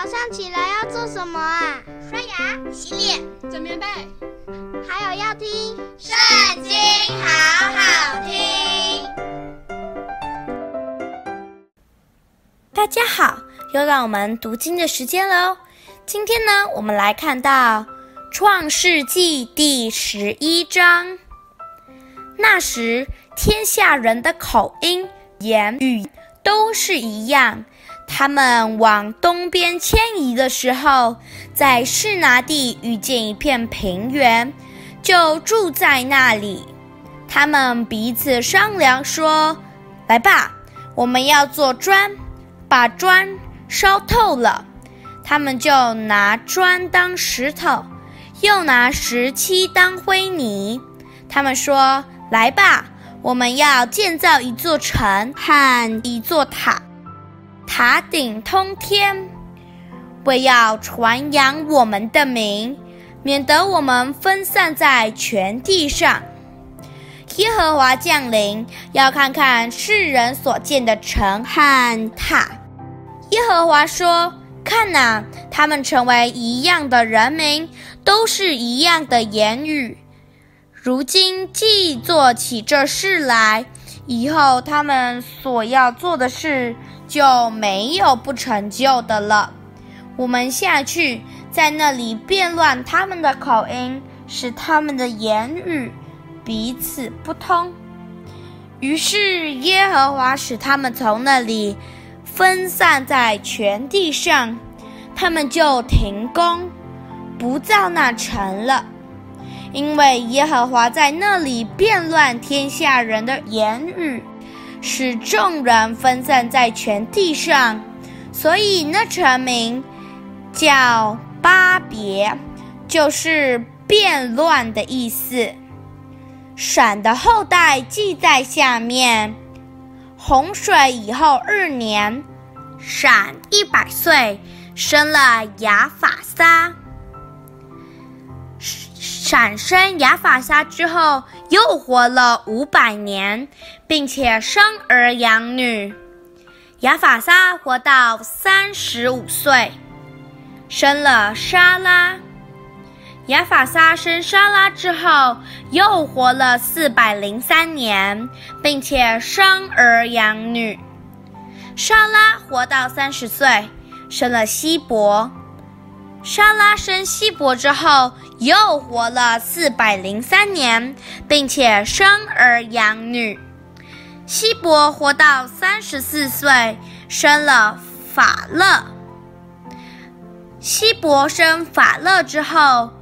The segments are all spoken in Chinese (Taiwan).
早上起來要做什麼啊？刷牙、洗臉、整棉被，還有要聽《聖經》，好好聽。大家好，又到我們讀經的時間嘍。今天呢，我們來看到《創世紀》第十一章。那時，天下人的口音、言語都是一樣。他們往東邊遷移的時候，在示拿地遇見一片平原，就住在那裡。他們彼此商量說：“來吧，我們要做磚，把磚燒透了。”他們就拿磚當石頭，又拿石漆當灰泥。他們說：“來吧，我們要建造一座城和一座塔。”塔頂通天，為要傳揚我們的名，免得我們分散在全地上。耶和華降臨，要看看世人所建造的城和塔。耶和華說：“看哪、啊，他們成為一樣的人民，都是一樣的言語。如今既做起這事來，以後他們所要做的事。”就沒有不成就的了。我們下去，在那裡變亂他們的口音，使他們的言語彼此不通。於是耶和華使他們從那裡分散在全地上，他們就停工，不造那城了，因為耶和華在那裡變亂天下人的言語。使眾人分散在全地上，所以那城名叫巴別，就是變亂的意思。閃的後代記在下面：洪水以後二年，閃一百歲，生了亞法撒。閃生亞法撒之後。又活了五百年，並且生兒養女。亞法撒活到三十五歲，生了沙拉。亞法撒生沙拉之後，又活了四百零三年，並且生兒養女。沙拉活到三十歲，生了希伯。沙拉生希伯之後。又活了四百零三年，並且生兒養女。希伯活到三十四歲，生了法勒。希伯生法勒之後，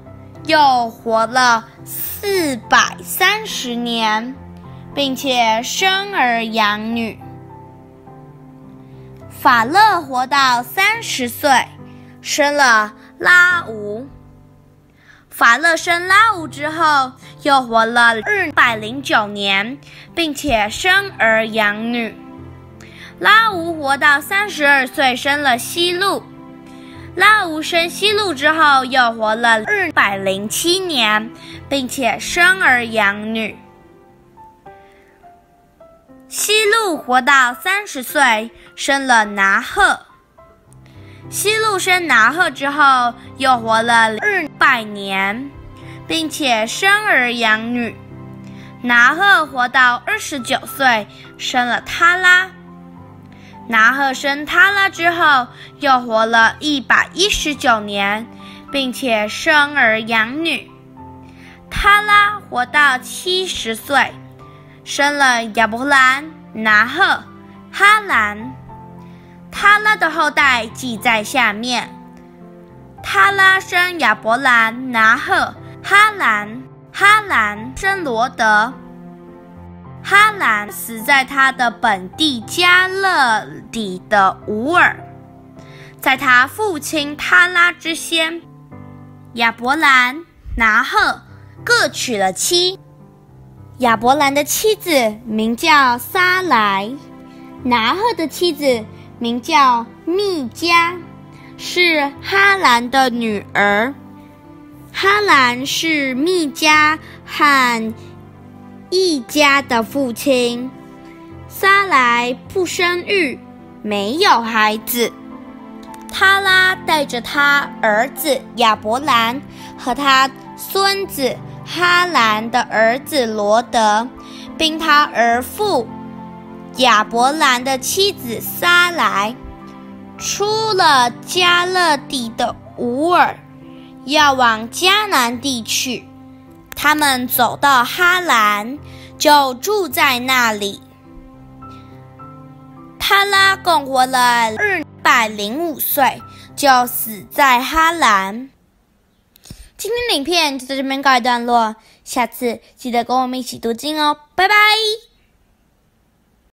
又活了四百三十年，並且生兒養女。法勒活到三十歲，生了拉吳。法勒生拉吳之後，又活了二百零九年，並且生兒養女。拉吳活到三十二歲，生了西鹿。拉吳生西鹿之後，又活了二百零七年，並且生兒養女。西鹿活到三十歲，生了拿鶴。西鹿生拿鶴之後，又活了二百年，並且生兒養女。拿鶴活到二十九歲，生了他拉。拿鶴生他拉之後，又活了一百一十九年，並且生兒養女。他拉活到七十歲，生了亞伯蘭、拿鶴、哈蘭。他拉的後代記在下面。他拉生亞伯蘭、拿鶴、哈蘭、哈蘭生羅得。哈蘭死在他的本地迦勒底的吾珥。在他父親他拉之先，亞伯蘭、拿鶴各娶了妻。亞伯蘭的妻子名叫撒萊，拿鶴的妻子。名叫密迦，是哈蘭的女兒。哈蘭是密迦和亦迦的父親。撒萊不生育，沒有孩子。他拉帶着他兒子亞伯蘭和他孫子哈蘭的兒子羅得，並他兒婦。亞伯蘭的妻子撒萊，出了迦勒底的吾珥，要往迦南地去。他們走到哈蘭，就住在那裡。他拉共活了二百零五歲，就死在哈蘭。今天的影片就到這邊告一段落，下次記得跟我們一起讀經哦，拜拜。